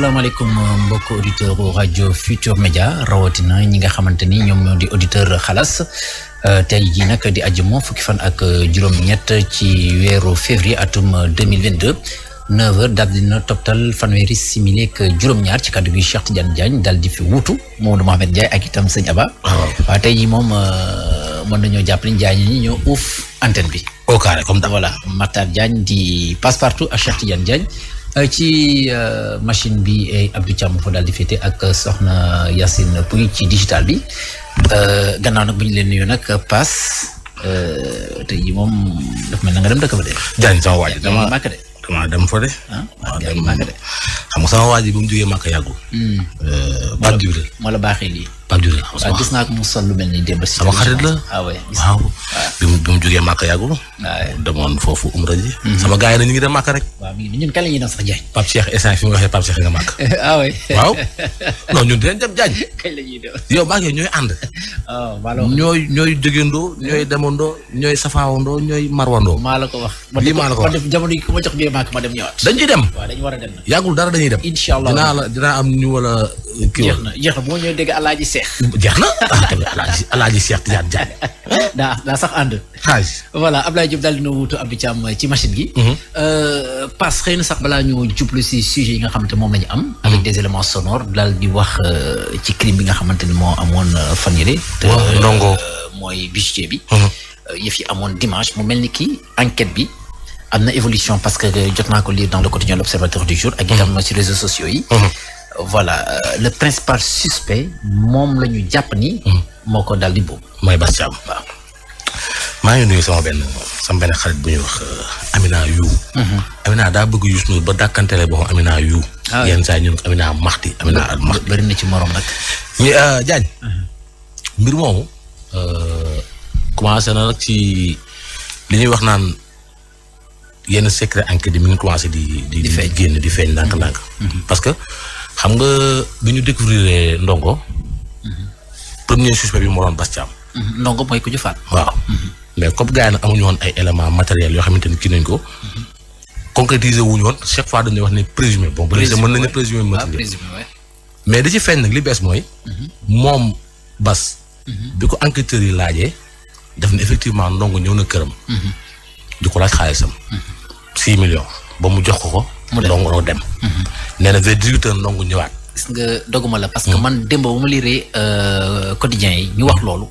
asalaamaaleykum euh, mbokk auditeur rajo Futur média rawatina ñi nga xamante ni ñoom ñoo di auditeur xalas euh, tey jii nag di àjjuma fukki fan ak euh, juróom-ñett ci weeru février atum 2022 neuf heures daal dina toptal fanweeri simili ak juróom-ñaar ci kàddu gi Cheikh Tidiane Diagne daal di fi wuutu Mamadou Mohamed Ndiaye ak itam sëñ Aba ah, waaw tey jii moom mën nañoo jàpp ni jaañ ñi ñoo uuf antenne bi au carré comme voilà Matar Diagne di passe partout a Cheikh Tidiane Diagne Euh, ci euh, machine bi eh, Abdou Thiam fa daal di féete ak euh, soxna Yacine Pouy ci digital bi gannaaw nag bu ñu leen nuyu nag paas tey jii moom dafa mel na nga dem dëkk ba de. jaajëf sama waaj dama màkk de. dama dem fa de. ah xam nga waaj bi bu mu jógee màkk yàggul. baat bi de. moo lii. Pape Diouf waaw ah, gis lu mel ni démb. sama xarit la ah oui waaw. Ah. bi mu bi mu jógee Màkka yàggul. Ah, demoon foofu umra ji. Mhm. sama gars yi nag ñu ngi dem Màkka rek. waaw ñun kan la ñuy dem sax Diagne. Pape Cheikh instant fi mu waxee Pape Cheikh nga Màkka. ah oui waaw. non ñun dinañ dem Diagne. kañ la ñuy dem yow maa ngi ñooy ànd. Oh, ñooy jógeendoo ñooy demandoo ñooy safaawandoo ñooy marwandoo. maa la ko wax. lii ma jox biir Màkka ma dem ñëwaat. dañ ciy dem. waaw a dem nag. yàggul dara dañuy dem. incha la dinaa am ñu wala kii jeex na jeex na boo ñëwee dégg alaaji seex. jeex na ah tamit alaaji alaaji seex Tidiane Diagne. daa daa sax ànd. xaaj voilà Ablaye Diop daal dina wuutu Abdou Thiam ci machine gi. Mhm. Euh, pass xëy na sax balaa ñu jublu si sujet yi nga xamante moom la ñu am. Mhm. avec des éléments sonores daal di wax euh, ci crime bi nga xamante ni moo amoon euh, fan yële. waaw ndongo mooy bijoutier bi. Mhm. yëf yi amoon dimanche mu mel ni ki enquête bi. am na évolution parce que jot naa ko lire dans le quotidien l'observateur du jour. ak itam ci réseaux sociaux yi. voilà euh, le principal suspect moom la ñu jàpp ni. Hmm. moo ko daal di boobu. mooy Bass Thiam waaw. maa ngi nuyu sama benn sama benn xarit bu ñuy wax euh, Amina Yu. Hmm. Amina daa bëgg Youssou Ndour ba dàkkantele boo xam Amina Yu. ah yenn saa ñun Amina Maxti Amina al Maxti. bëri na ci morom nag. mais euh, Diagne. Hmm. mbir moomu. commencé na nag ci li ñuy wax naan yenn secret enquête yi mi ngi commencé di. di génn di feeñ ndànk-ndànk. parce xam nga bi ñu découvrir ndongo. premier suspect bi moo doon Bastiam. Mm-hmm. ndongo mooy ku ñu faat. waaw mm-hmm. mais comme gars yi nag amuñu woon ay éléments matériels yoo xamante ni kii nañ ko. Mm-hmm. concrétiser wuñu woon chaque fois dañuy wax ne présumé bon. présumé mën nañu présumé ah, matériel mais da ci feeñ nag li bees mooy. moom Bas. bi ko enquêteurs yi laajee def na effectivement ndongo ñëw na këram. di ko laaj xaalisam. 6 millions ba mu jox ko ko. mu dem ndongo dem. Mhm. nee na vers dix ñëwaat. gis nga doguma la parce que mhm. man démb ba mu liiree euh, quotidien yi ñu wax mhm. loolu.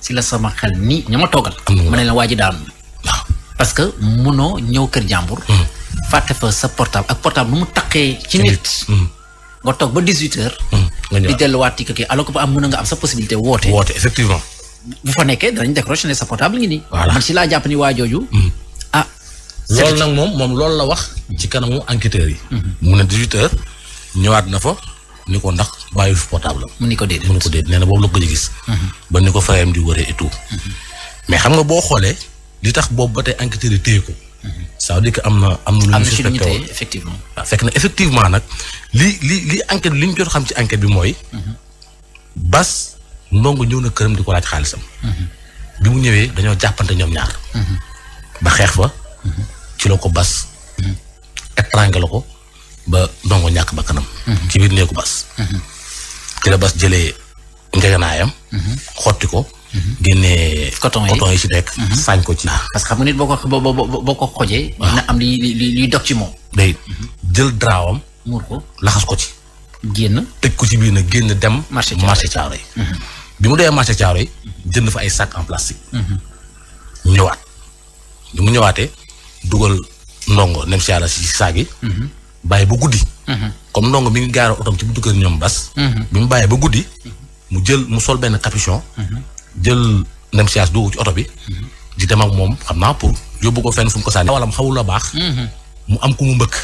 si la sama xel ni ña ma toogal. ma ne la waa ji daanu. parce que munoo ñëw kër jàmbur. fàtte fa sa portable ak portable nu mu taqee ci nit. nga toog ba dix-huit heures. nga ñëwaat di delluwaat ci kii alors que ba am mën nga am sa possibilité woote. woote effectivement. bu fa nekkee danañ décroché sa portable ngi nii. man si laa jàpp loolu nag moom moom loolu la wax ci kanamu enquêteurs yi. Mhm. mu na 18h ñëwaat na fa ni ko ndax bàyyi fi portable am. mu ni ko déedéet mu ni ko déedéet nee na boobu la ko gis. Mhm. ba ni ko frère di wëree et tout. Mhm. mais xam nga boo xoolee li tax boobu ba tey enquêteurs yi téye ko. ça veut am na am na lu ñu suspecté fekk na effectivement nag li li li enquête li ñu xam ci enquête bi mooy. bas ndongo ñëw na këram di ko laaj xaalisam. bi mu ñëwee dañoo jàppante ñoom ñaar. ba xeex fa. ci la ko bas. étrangle ko ba ndongo ñàkk ba kanam. Mhm. ci biir néegu bas. Mhm. ci la bas jëlee njeganaayam. Mhm. xotti ko. génne coton yi coton yi ci nekk. saañ ko ci. parce que xam nga nit boo ko boo boo ko xojee. dina am li li li ci moom. day jël draawam. muur ko laxas ko ci. génn teg ko ci biir nag génn dem. marché caaro yi bi mu dee marché caaro yi jënd fa ay sac en plastique. ñëwaat bi mu ñëwaatee. dugal ndongo nem si yàlla si saag yi. Mhm. bàyyi ba guddi. Mhm. comme ndongo mi ngi gaara otom ci mhm. bi ba guddi. mu mu sol benn capuchon. jël nem si dugg ci oto bi. di dem ak moom xam naa pour yóbbu ko fenn fu mu ko sànni. walam xawul la baax. ku mu mbëkk.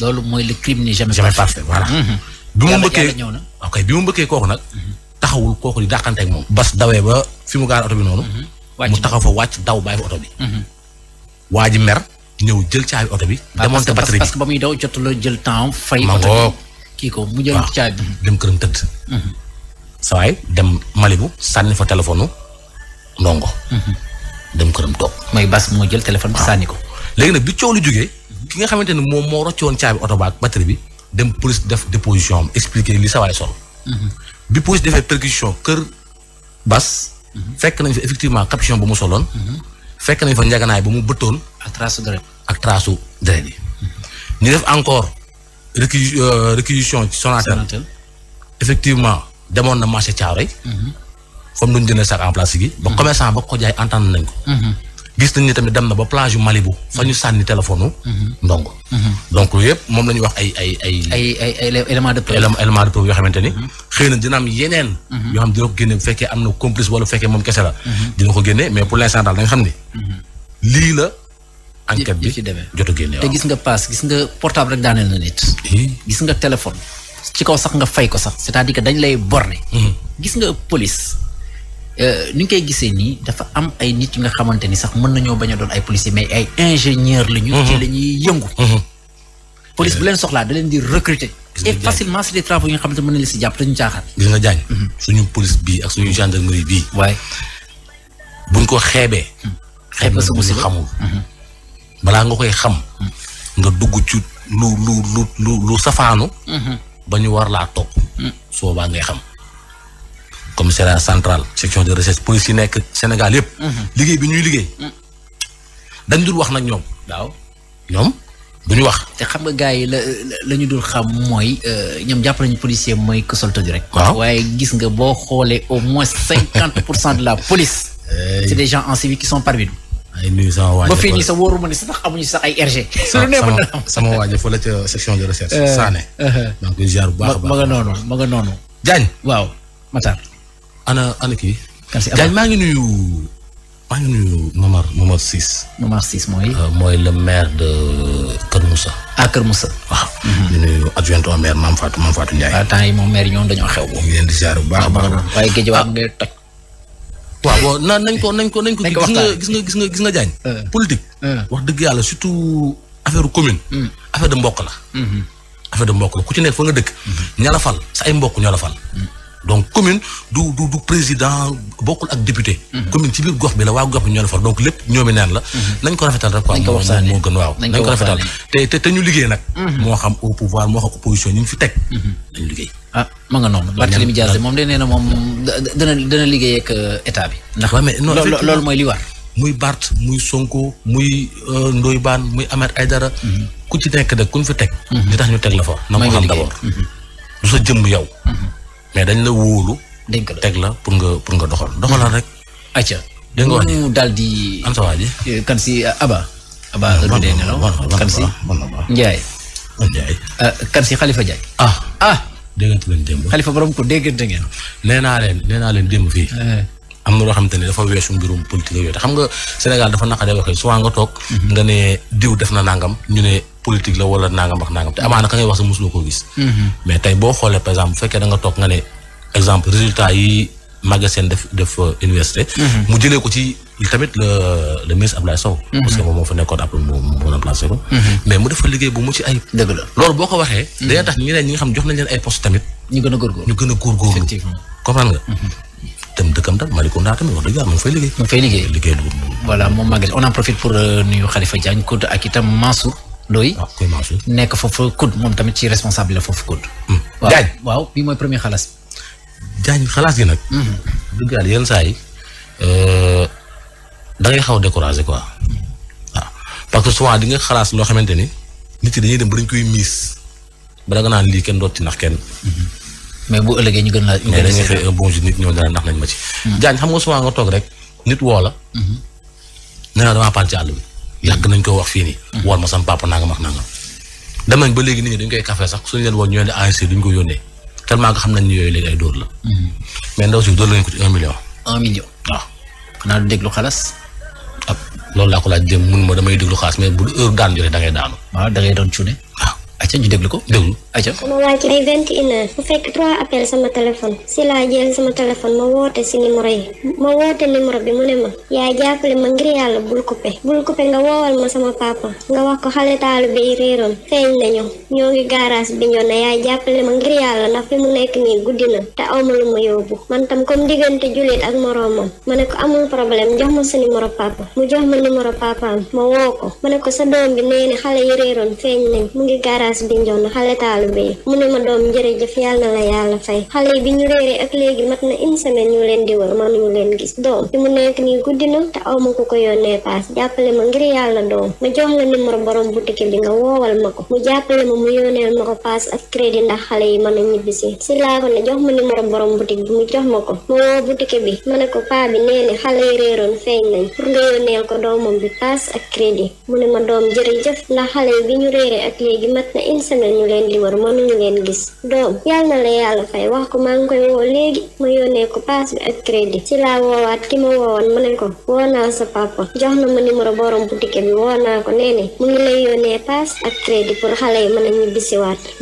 loolu mooy le crime n'est jamais parfait voilà. bi mu mbëkkee ok bi mu mbëkkee kooku nag. taxawul kooku di dàqante bas dawee ba fi mu gaara oto bi noonu. mu taxaw fa wàcc daw bàyyi fa oto bi. waa ji mer. ñëw jël caabi oto bi. Ah, démonté batterie bi parce que ba muy daw jotul a ma ngoog kii ko mu jël caabi. dem këram tëdd. Mhm. sa waay dem Malibu sànni fa téléphone ndongo. Mhm. dem këram toog. mooy bas moo jël téléphone bi sànni ko. léegi nag bi coow lu jógee. Mhm. ki nga xamante ne moom moo rocce woon caabi oto ba ak batterie bi dem police def déposition am expliqué li sa sol. bi police defee perquisition kër bas. fekk nañ fi effectivement caption bu mu soloon. fekk nañ fa njaganaay bu mu bëttoon. ak trasu deret ak trasu deret yi. ñu def encore récu euh, réquisition ci Sonatel. effectivement demoon na marché Thiaroye. comme nu ñu jëndee sac en plastique yi. ba mhm. commerçant ba ko jaay entendre nañ ko. Mhm. gis nañ ni tamit dem na ba plage yu Malibu fa ñu sànni téléphone ndongo donc loolu moom la ñuy wax ay ay ay ay ay élément de preuve élément de preuve yoo xamante ni mhm. xëy na dina am yeneen mhm. yoo xam dina ko génne bu fekkee am na complice wala bu fekkee moom kese la mhm. dina ko génne mais pour l'instant da daaneel na nit gis nga téléphone ci kaw sax nga fay ko sax c'est-à-dire que dañ lay borne gis nga police Euh, ni nga koy gisee nii dafa am ay nit yu nga xamante ni sax mën nañoo bañ a doon ay policiers mais ay ingénieur la ñu ci mhm. la ñuy yëngu mhm. Mhm. police bu leen soxlaa daleen leen di recruter et facilement c'est des travaux yi nga xamante mën na la si jàpp dañu caaxaan gis nga jaañ suñu police bi ak suñu gendarmerie bii waaye buñ ko xeebee xeeb nga sa musiba xamul balaa nga koy xam nga dugg ci lu lu lu lu lu safaanu ba ñu war laa topp soobaa ngay xam commissariat central section de recherche police yi nekk Sénégal yëpp. Mhm. liggéey bi ñuy liggéey. Mhm. dañ dul wax nag ñoom. waaw ñoom du ñu wax. te xam nga gars yi la la ñu dul xam mooy euh, ñoom jàpp nañu policier mooy ko solto di rek. waaw waaye gis nga boo xoolee au moins cinquante pour cent de la police. c'est des gens en civil qui sont parmi nous. ay nuyu sama waa a fii nii ah, section de recherche. Euh, Sané. Euh. maa ngi koy ziar bu baax a baax ma nga noonu ma nga noonu. Diagne waaw Matar. ana ana kii. Kassy maa ngi nuyu maa ngi nuyu Momar Momar Ciss. Momar Ciss mooy. Euh, mooy le maire de euh, Kër Moussa. ah Kër Moussa. waaw. Mhm. di nuyu adjoint au maire Mame Fatou Mame Fatou Ndiaye. waaw temps yi moom maire yi a ah. waaw bon na nañ ko nañ ko nañ ko. gis nga gis nga gis nga gis nga jaañ. politique. Euh. wax dëgg yàlla surtout affaire commune. Mm. affaire de mbokk la. Mhm. affaire de mbokk la ku ci nekk fa nga dëkk. Mhm. ña la sa ay mbokk ñoo la fal. Mm. donc commune du du du président bokkul ak député. Mhm. commune ci biir gox bi la waa gox bi ñoo la far donc lépp la. Mhm. nañ ko rafetal rek quoi moo moo waaw. nañ ko rafetal te ñu liggéey nag. Mhm. moo xam au pouvoir moo xam ñu ngi fi teg. nañ liggéey. ah ma nga noonu. Barthélémy Dias moom de nee na moom dana dana liggéey ak euh, bi. ndax loolu mooy li war. muy Bart muy Sonko muy euh, Ndoye baan muy ay dara ku ci nekk nag ku nu fi teg. li tax ñu teg la fa. na ko xam d'abord du sa jëmm yow. mais dañ la wóolu. dénk la teg la pour nga pour nga doxal doxolal rek. acca dégg nga wax ñu daal di. am sa si Aba. Aba heure bi day nelaw kan si Ndiaye. Ndiaye. Euh, kan si Khalifa Ndiaye. ah ah. déggante leen démb. nee naa leen nee naa leen démb fii. Euh. am na loo xamante ni dafa weesu mbirum politique yooyu xam nga Sénégal dafa naqaree waxee souvent nga toog. Mhm. nga ne diw def na nangam ñu ne. politique la wala nangam ak nangam te amaana ka ngay wax sa mosuloo ko gis. mais tey boo xoolee par exemple bu fekkee da nga toog nga ne exemple résultat yi magasin def def euh, université. Mhm. mu jëlee ko ci tamit le le ministre Abdoulaye Sow. Mhm. parce que moom moo fa nekkoon après mu mu remplacé ko. Mhm. mais mu def fa liggéey bu mu ci ay. dëgg la loolu boo ko waxee. dañuy tax ñeneen ñi nga xam jox nañ leen ay poste tamit. ñu gën a góorgóorlu ñu gën a góorgóorlu. effectivement comprendre nga. tam dëkkam tam Malicounda tamit wax dëgg yàlla mu ngi fay liggéey. mu ngi fay liggéey liggéey dugub. voilà moom magasin on en profite pour euh, nuyu Khalifa Diagne Koudou ak itam Mansour. doy ah, nekk foofu kud moom tamit ci responsable la foofu kud hmm. waaw waaw bii mooy premier xalaas jaañ xalaas gi nag hmm. dëgg yenn saa yi euh, da ngay xaw découragé quoi waaw ah, parce que souvent di nga xalaas loo xamante ni nit yi dañuy dem ba dañ koy miis ba da nga naan lii kenn dootti ndax kenn hmm. mais bu ëllëgee ñu gën la ñu gën a ñoo dara ndax nañ ma ci jaañ xam nga souvent nga toog rek nit woo la nee na damaa paan ci àll bi yàgg nañ ko wax fii nii. wool ma sama papa nangam ak nangam. dem nañ ba léegi nit ñi dañ koy café sax suñu leen woo ñu leen ANC duñ ko yónnee tellement que xam nañ ni yooyu léegi ay dóor la. Hmm. mais ndaw si dóor lañ ko ci un million. un million waaw. xanaa du déglu xalas. ah loolu laa ko laaj dem mun ma damay déglu xalas mais bu heure daan jotee da ngay daanu. waaw ah, da ngay doon cuune. waaw ayca ñu déglu ko déglu. aja sama wàcc ay vingt et une heures bu fekk trois si laa jël sama téléphone ma woote si numéro yi ma woote numéro bi mu ne ma yaa jàppale ma ngir yàlla bul coupé nga woowal ma sama papa nga wax ko xale taalibe yi réeroon feeñ nañu ñoo ngi bi ñoo na yaa ma ngir yàlla ndax fi mu nekk nii guddi na ma yóbbu man tam comme diggante jullit ak moroomam ma ne ko amul problème jox ma sa numéro papa mu ma numéro papaam ma woo ko yi réeroon feeñ nañ mu ngi garage bi ñoo na xale taal taalibe yi mu ne ma doom jërëjëf yàlla na la yàlla fay xale bi ñu réeree ak léegi ma ko ko yónnee paas jàppale ma ngir yàlla doom bi nga woowal ma ko mu jàppale ma mu yónneel ma ndax xale yi a ma numéro borom boutique bi mu jox ma ko ma woo boutique bi ma ne ko paa bi nee ne xale yi réeroon feeñ nañ pour nga yónneel ko doomam bi paas ak crédit mu ne ñu réeree ak léegi mat na une ñu leen di feebar mënuñu leen gis doom yàlla la yàlla fay wax ma yónnee ko ma ko woo naa sa papa jox ma numéro borom boutique bi naa ne mu ngi lay yónnee paas a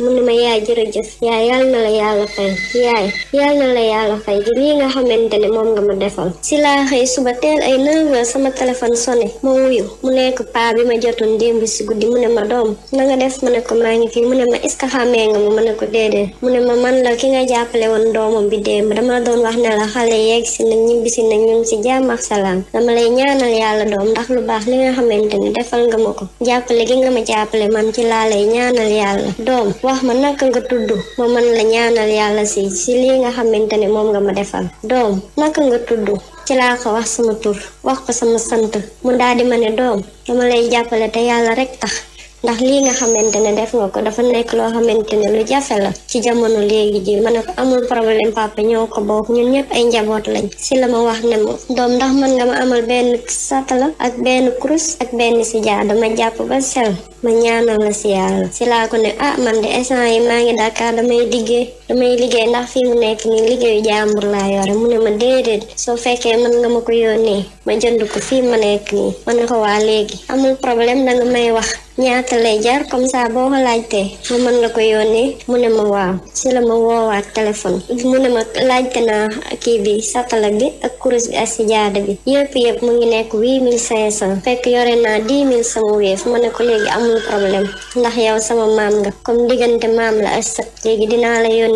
ne ma yaay jërëjëf yaay yàlla na la yàlla fay yaay yàlla na la yàlla fay ji lii nga xamante ne moom nga ma defal si laa xëy suba teel ay 9 heures sama téléphone sonné ma wuyu mu nekk paa bi ma jotoon démb si guddi mu ne ma doom na def ma ne ko maa ngi fi mu ne ma est-ce xàmmee nga ma mën a ko déedéet mu ne ma man la ki nga jàppale woon doomam bi démb dama la doon wax ne la xale yeeg si na na ñun si jàmm ak salaam dama lay ñaanal yàlla doom ndax lu baax li nga xamante nga ma ko jàppale gi nga ma jàppale man ci laa lay ñaanal yàlla doom wax ma naka nga tudd ma man la ñaanal yàlla si si lii nga xamante nga ma defal doom naka nga tudd ci laa ko wax sama tur wax ko sama sant mu daal di ma ne doom dama lay jàppale te yàlla rek tax ndax lii nga xamante ne def nga ko dafa nekk loo xamante ne lu jafe la ci jamono léegi jii ma na ko amul problème papa ñoo ko bokk ñun ñëpp ay njaboot lañ si la ma wax ne ma doom ndax mën nga ma amal benn satala ak benn kurus ak benn si jaar dama jàpp ba sel ma ñaanal la si yàlla si laa ko ne ah man de instant yi maa ngi Dakar damay liggéey damay liggéey ndax fii mu nekk nii liggéeyu jaambur laa yore mu ne ma déedéet soo fekkee mën nga ma ko yónnee ma jënd ko fii ma nekk nii ma ne ko waa léegi amul problème danga may wax ñaata lay jar comme ça boo ko laajtee ma mën la ko yónnee mu ne ma waaw si la ma woowaat téléphone mu ne ma laajte naa kii bi satala bi ak kurus bi ak sijaada bi yëpp yëpp mu ngi nekk huit mille cinq cent fekk yore naa dix mille sama wéef ma ne ko léegi amul problème ndax yow sama maam comme diggante maam la ak sët léegi dinaa la yi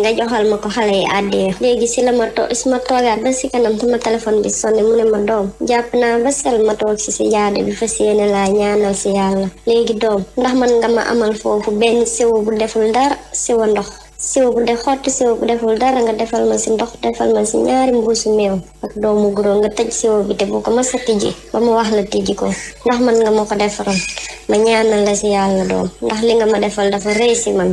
nga joxal ma ko xale yi àddee si la ma to si ma toogaat ba si kanam sama bi sonné ma doom jàpp naa ba sel ma toog si sijaada laa ñaanal si yàlla léegi doom ndax man nga ma amal foofu benn siwo bu deful dara siwo ndox siwo bu def xotti siwo bu deful dara nga defal ma si ndox defal ma si ñaari mbuusu meew ak doomu guro nga tëj siwo bi te bu ko ma sa tijji ba ma wax la tijji ko ndax man nga ma ko defaral ma ñaanal la si yàlla doom ndax li nga ma defal dafa rëy si man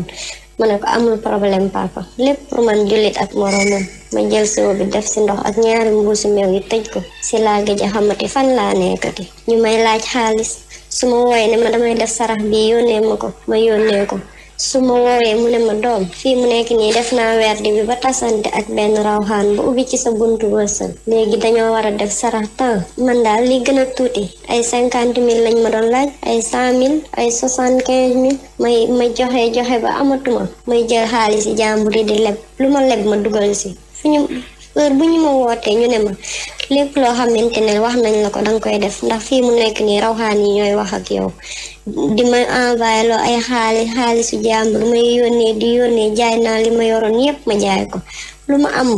ma ne ko amul problème papa lépp pour man jullit ak moroomam ma jël siwo bi def si ndox ak ñaari mbuusi meew yi tëj ko si laa gëj a xamati fan laa nekkati ñu may laaj xaalis su ma wooye ne ma damay def sarax bi yónnee ma ko ma yónnee ko su ma woowee mu ne ma doom fii mu nekk nii def naa werdi bi ba tasante ak benn rawxaan ba ubbi ci sa buntu wërsëg léegi dañoo war a def sarax temps man daal li gën a tuuti ay cinquante mille lañ ma doon laaj ay cent mille ay soixante quinze mille may may joxe joxe ba amatuma may jël xaalis yi jàmbur yi di leb lu ma leb ma dugal si fi ñu heure bu ñu ma wootee ñu ne ma lépp loo xamante ne wax nañ la ko danga koy def ndax fii mu nekk nii rawxaan yi ñooy wax ak yow di ma envoyé loo ay xaalis xaalisu jàmbur may yónnee di yónnee jaay naa li ma yoroon yépp ma jaay ko lu ma am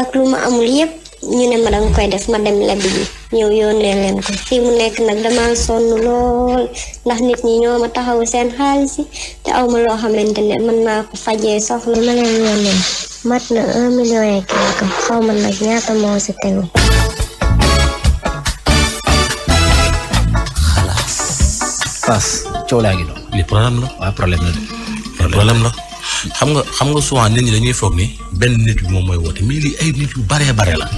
ak lu ma amul yépp ñu ne ma danga koy def ma dem leb ji ñëw yónnee leen ko fii mu nekk nag dama sonn lool ndax nit ñi ñoo ma taxawu seen xaalis yi te awma loo xam ne mën naa ko fajee soxla ma leen yónnee mat na un million et quelque xaw ma nag ñaata moo si tegu. xalaas. Fass coow laa ngi doon. li problème la la de. problème la xam nga xam nga souvent nit ñi lañuy foog ni benn nit bi moom mooy woote mais lii ay nit yu baree bare la.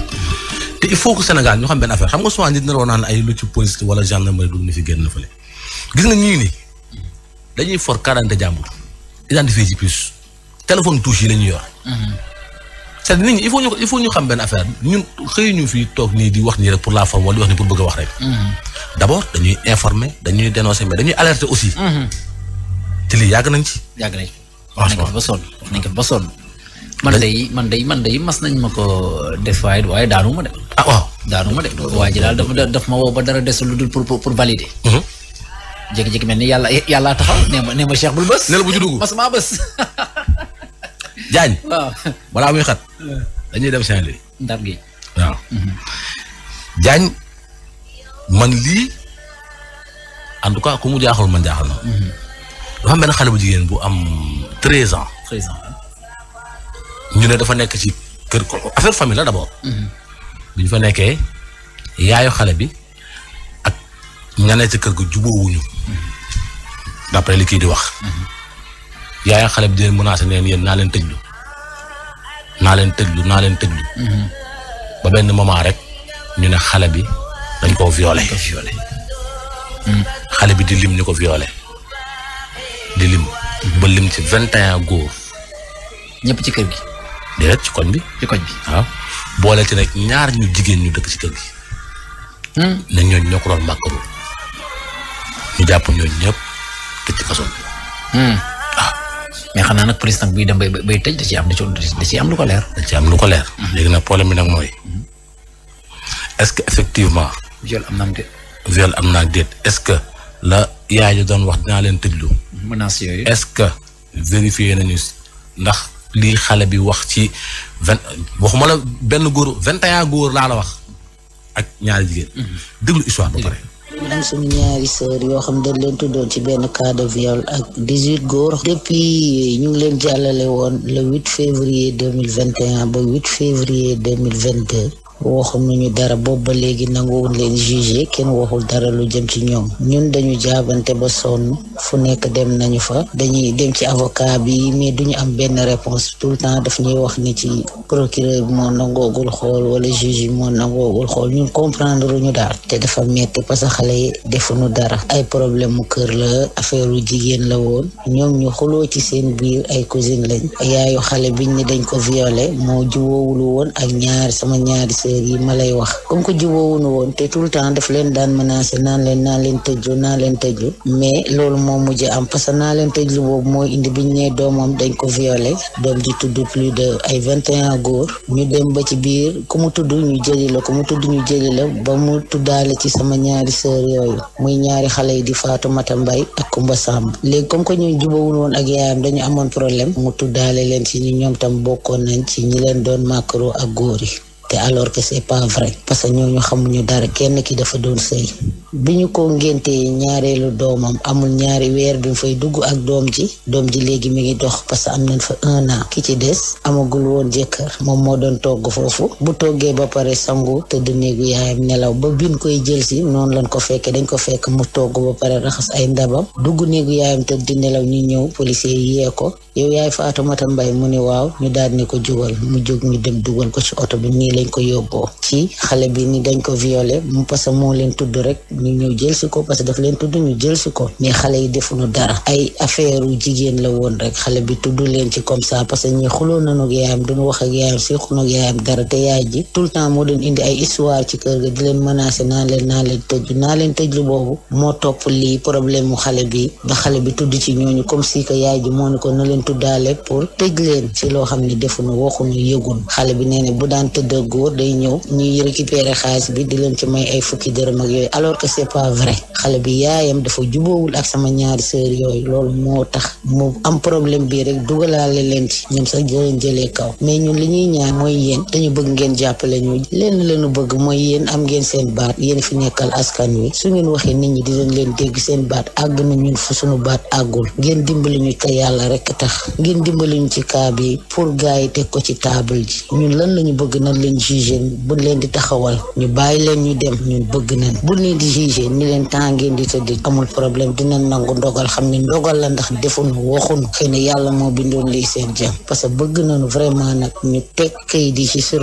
te il faut que Sénégal ñu xam benn affaire xam nga souvent nit ñi doon naan ay lu ci police wala gendarmerie du ñu fi génn fële. gis nga ñii ni dañuy for quarante jàmbur identifié ci plus téléphone touche yi la ñuy yor. c'est-à-dire nit ñi il faut ñu il faut ñu xam benn affaire ñun xëy ñu fii toog nii di wax nii rek pour la forme wala di wax nii pour bëgg a wax rek. Mhm. d'abord dañuy informer dañuy dénoncer mais dañuy alerter aussi. Mhm. te lii yàgg nañ ci. yàgg nañ wax nañ ko ba sonn wax nañ ko ba sonn. man day man day man day mas nañ ma ko def waaye daanu ma de. ah daanu ma de waa daal daf ma woo ba dara desul lu dul pour pour valider. Mhm. jékki-jékki mel ni yàlla yàllaa taxaw nee ma nee ma Cheikh bul bës. nee Diagne. waaw dañuy dem saint ndar gi waaw. man lii en tout cas ku mu jaaxul man jaaxal na. Mhm. dafa am benn xale bu jigéen bu am treize ans. ñu ne dafa nekk ci kër ko affaire famille la d'abord. Mhm. bi ñu fa nekkee yaayu xale bi ak ña ne ci kër ga jubóowuñu. Mhm. d'après li kii di wax. yaaya xale bi di leen menacé neen yéen naa leen tëjlu naa leen tëjlu naa mhm. ba benn moment rek ñu ne xale bi dañ koo violé hmm. Hmm. xale bi di lim ñu ko violé di lim mhm. ba lim ci vingt et un góor ñëpp ci kër gi déedéet ci koñ bi ci koñ bi waaw ah. boole ci nag ñaar ñu jigéen ñu dëkk ci kër gi hmm. ne ñooñ ñoo ko doon màkkaru ñu jàpp ñooñ ñëpp tëj ci kaso mais xanaa nag police nag buy dem bay bay tëj da ci am da ciy am lu ko leer. da ciy am lu ko leer. Mm-hmm. léegi nag problème bi nag mooy mm-hmm. est-ce que effectivement. viol am na am déet. am na est-ce que la yaay ji doon wax dinaa leen tëjlu. menaces yooyu est-ce que vérifié nañu ndax lii xale bi wax ci vingt waxuma la benn góor vingt et góor laa la wax ak ñaari jigéen. Mm-hmm. déglu histoire ba pare. ñun suñu ñaari sœur yoo xam dañ leen tuddoon ci benn cas de viol ak dix-huit góor depuis ñu ngi leen jàllale woon le 8 février 2021 ba 8 février 2022 waxuñu ñu dara boobu ba léegi nanguwuñ leen jugé kenn waxul dara lu jëm ci ñoom ñun dañu jaabante ba sonn fu nekk dem nañu fa dañuy dem ci avocat bi mais duñu am benn réponse tout le temps daf ñuy wax ni ci procureur bi moo nangoogul xool wala juge bi moo nangoogul xool ñun comprendre ñu daal te dafa metti parce que xale yi defuñu dara ay problème mu kër la affaire u jigéen la woon ñoom ñu xuloo ci seen biir ay cousine lañ yaayu xale biñ ne dañ ko violé moo jiwoowul woon ak ñaari sama ñaari affaire ma lay wax comme que jubóowuñu woon te tout le temps def leen daan menacer naan leen naan leen tëjlu naan leen tëjlu mais loolu moo mujj am parce que naan leen tëjlu boobu mooy indi biñ ne doomam dañ ko violé doom ji tuddu plus de ay vingt et un góor ñu dem ba ci biir ku mu tudd ñu jëli ku mu tudd ñu jëli la ba mu tuddaale ci sama ñaari sœur yooyu muy ñaari xale yi di Fatou Mata ak Kumba Samb léegi comme que ñun jubóowuñu woon ak yaayam dañu amoon problème mu tuddaale leen ci ñi ñoom tam bokkoon nañ ci ñi leen doon màkkaroo ak góor yi te alors que c'est pas vrai parce que ñooñu xamuñu dara kenn ki dafa doon sëy bi ñu ko ngéntee ñaareelu doomam amul ñaari weer bi mu fay dugg ak doom ji doom ji léegi mu ngi dox parce que am nañ fa un an ki ci des amagul woon jëkkër moom moo doon togg foofu bu toggee ba pare sangu tëdd néegu yaayam nelaw ba bin koy jël si noonu lañ ko fekkee dañ ko fekk mu togg ba pare raxas ay ndabam dugg néegu yaayam tëdd di nelaw ñu ñëw policier yee ko yow yaay Fatoumata mbay mu ni waaw ñu daal ne ko jugal mu jóg ñu dem dugal ko ci oto bi nii lañ ko yóbboo ci xale bi ni dañ ko violé mu parce moo leen tudd rek ñu la woon rek xale bi tudd leen ci comme ça parce que naa leen tëj naa leen tëj lu boobu moo topp lii problème xale bi ba xale bi tudd ci ñooñu comme si que yaay ji moo ne ko na leen tuddaale pour tëj leen ci loo xam ne defuñu waxuñu yëgul xale bi nee bu daan tëdd góor day ñëw ñuy récupérer xaalis bi di leen ci may ay fukki dërëm ak yooyu c'est pas vrai xale bi yaayam dafa jubóowul ak sama ñaari sœur yooyu loolu moo tax mu am problème bi rek dugalaale leen ci ñoom sax jëleen jëlee kaw mais ñun li ñuy ñaan mooy yéen dañu bëgg ngeen jàppale ñu leen leenu bëgg mooy yéen am ngeen seen baat yéen fi nekkal askan wi su ngeen waxee nit ñi dinañ leen dégg seen baat àgg na suñu baat àggul ngeen dimbali ñu te yàlla rek tax ngeen dimbali ci kaa bi pour gars yi teg ko ci table ji ñun lan lañu bëgg nañ leen juger buñ leen di taxawal ñu bàyyi leen ñu dem ñun bëgg nañ buñ leen di obligé ni leen temps ngeen di amul problème dina nangu ndogal xam ne ndogal la ndax defuñu waxuñu xëy na yàlla moo bindoon lii seen jëm parce que bëgg nañu vraiment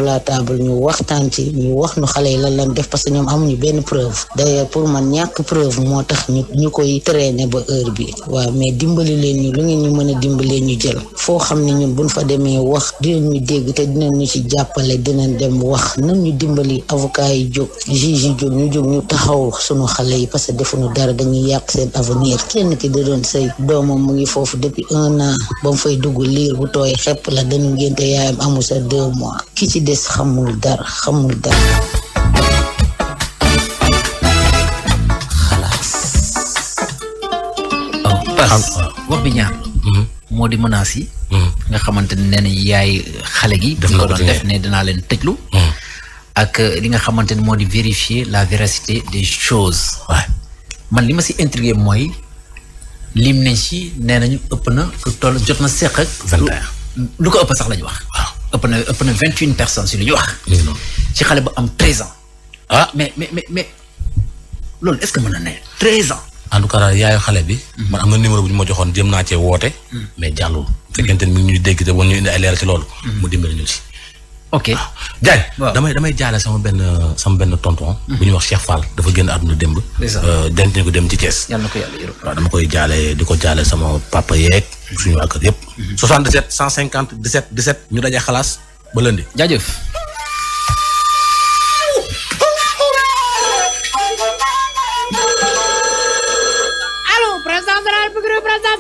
la table ñu waxtaan ci ñu wax nu xale yi lan lañ def parce que benn preuve d'ailleurs pour man ñàkk preuve moo tax ñu koy traîner ba heure bi waaw mais dimbali leen ñu lu ngeen ñu mën a dimbali ñu jël foo xam ne ñun buñ fa demee wax dinañ ñu dégg te dinañ ñu ci jàppale dinañ dem wax nan ñu dimbali avocat yi jóg juge yi jóg ñu jóg ñu taxaw jox sunu xale yi parce que defuñu dara dañuy yàq seen avenir kenn ki da doon sëy doomam mu ngi foofu depuis un an ba mu fay dugg liir bu tooy xepp la dañu ngénte yaayam amul sa deux mois ki ci des xamul dara xamul dara. Oh, wax bi ñaar hmm. moo di menaces yi. Hmm. nga xamante ne nee na yaay xale gi. def na ne dinaa leen tëjlu. ak euh, li nga xamante ni moo di vérifier la véracité des choses waaye man li ma si intrigué mooy lim nañ si nee nañu ëpp na ku toll jot na seq ak. lu ko ëpp sax la ñu wax. ëpp na ëpp na vingt une personnes si lu ñu wax. ci xale ba am treize ans. ah mais mais mais mais loolu est ce que mën na ne treize ans. en tout cas yaayu xale bi. Hmm. man am na numéro bu ñu ma joxoon jëm naa cee woote. Hmm. mais jàllul. bu hmm. fekkente ni mi ngi ñuy dégg te ci ok ah. Diagne. damay damay jaale sama benn sama benn tonton. Mhm. bu ñuy wax Cheikh Fall dafa génn àdduna démb. Euh, denc ñu ko dem ci Thiès. yàlla na ko yàlla waaw dama koy jaale di ko jaale sama papa yeeg. suñu waa kër yëpp. 77 150 17 17 ñu daje xalaas ba lundi. jaajëf.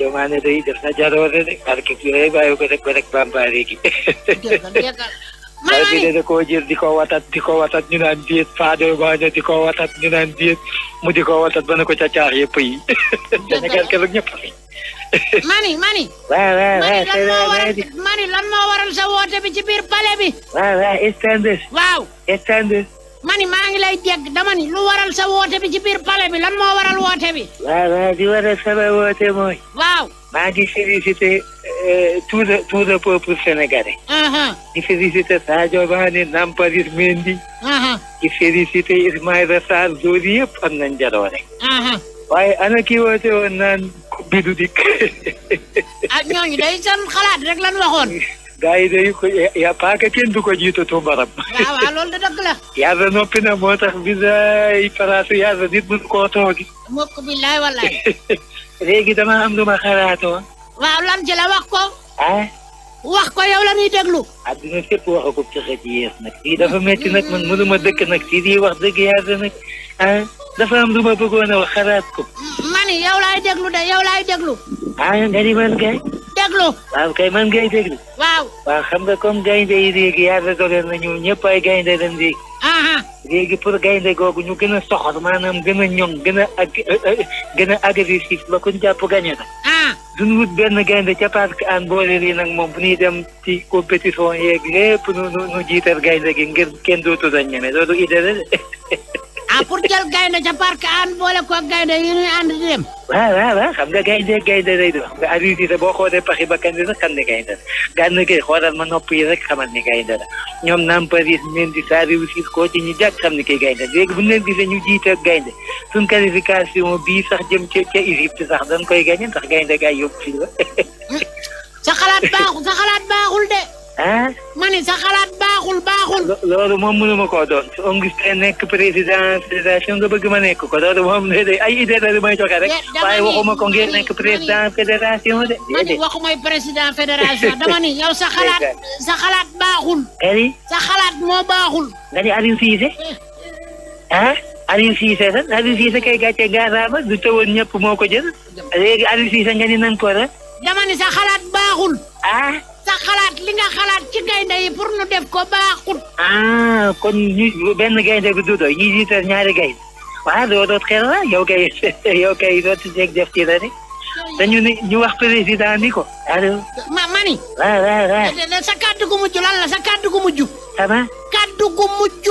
ජමානයට දර්ශනචාරවරයට කල්කිවේ බය කරක් කරක් බම්පාරයකි දෙදකෝ ජිර්දිකෝ වතත් දිකෝ වතත් නිනන්දියත් පාදය භාජතිකෝ වතත් නිනන්දියත් මුදිකෝ වතත් වනකො චචාරය පයි ජනකර කරග පයි mani mani mani lamma waral sa woote bi ci biir pale bi waaw waaw standes waaw standes mani maa ngi lay jégg dama ni lu waral sa woote bi ci biir pale bi lan moo waral woote bi. waaw waaw di waral sama woote mooy. waaw. maa ngi félicité euh, tout le tout le peuple sénégalais. di félicité Sadio Mané Nampalys Mendy. di félicité Ismaïla Sarr Zoli yëpp am nañ jaloore. waaye ana ki woote woon naan bi du dikk. ak ah, ñooñu day seen xalaat rek lan waxoon. gaa yi de ya paaka kenn du ko jiitatu mbaram. waaw waaw loolu de dëgg la. yàlla noppi na moo tax bisaay faraasu yàlla nit mun koo toogi. mokk billaay wallaay. léegi dama am lu ma xalaatoo. waaw lan ci la wax ko. ah. wax ko yow la ñuy déglu. adduna sépp wax ko ci xëj yées nag. lii dafa metti nag man mënuma dëkk nag si lii wax dëgg yàlla nag ah dafa am lu ma bëggoon a wax xalaat ko. Mm-hmm. ni yow déglu de yow laay déglu. ah nga ni man Gaye. déglu. waaw kay man Gaye déglu. waaw. waaw xam nga comme gaynde yi léegi yàlla dogal na ñu ñëpp ay gaynde lañ léegi. léegi pour gaynde googu ñu gën a soxor maanaam gën a ñoŋ gën a ag gën agressif ba ku jàpp gañe la. duñ benn gaynde ca parc an boole nag moom bu ñuy dem ci compétition yeeg lépp nu nu jiital gaynde gi ngir kenn dootu dañ ñeme loolu idée la de. a ah, pour jël gaynde ca parc an boole ko gaynde yi ñuy ànd di dem. waaw waaw waaw xam nga gaynde gaynde lay doon nga Aliou Cissé boo xoolee paxi ba kan sax xam ne gaynde la gànn kay ma nopp yi rek xamal ne gaynde la ñoom Nampalys Mendy Saliou Ciss ci ñu jàpp xam ne kay gaynde la bu ñu leen ñu jiite gaynde suñ qualification bii sax jëm ca ca sax dañ koy gañe ndax gaynde ga yóbbu fii la. sa sa xalaat baaxul de. ah. ma ne sa xalaat baaxul baaxul. loolu moom mënuma koo doon su Augustin nekk président fédération nga bëgg ma nekk ko loolu moom déedéet ay idée la li may rek. waaye waxuma ko ngeen nekk président fédération de. ma ne waxumay président fédération dama ni sa xalaat sa xalaat baaxul. Aliou. Eh sa xalaat moo baaxul. nga ni Aliou Cissé ah. Aliou Cissé sax Aliou Cissé kay gàcce gaaraama du tëwoon ñëpp moo ko jël léegi Aliou Cissé nga ni nan ko sa xalaat baaxul. ah. sa xalaat li nga xalaat ci gaynde yi pour nu def ko baaxut. ah kon ñu benn gaynde gu duudo ñi jiital ñaari gaynde waaw doo doot xel la yow kay yow kay doo ci def ci la rek dañu ne ñu wax président ni ko allo. ma mani. waaw waaw waaw. Eh, eh, sa kàddu gu mujj lan la sa kàddu gu mujj. sama. kàddu gu mujj.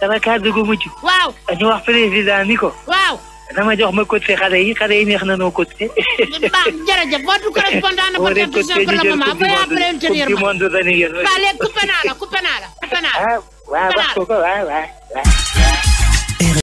sama kàddu gu mujj. waaw. ñu wax président ni ko. waaw. dama jox ma coté xale yi xale yi neex na noo coté. baax jërëjëf votre correspondant na porté attention pour le moment veuillez appeler ultérieurement. waaw léegi coupé naa la coupé naa la coupé naa la. Ah, waaw waaw wax ko ko waaw waaw.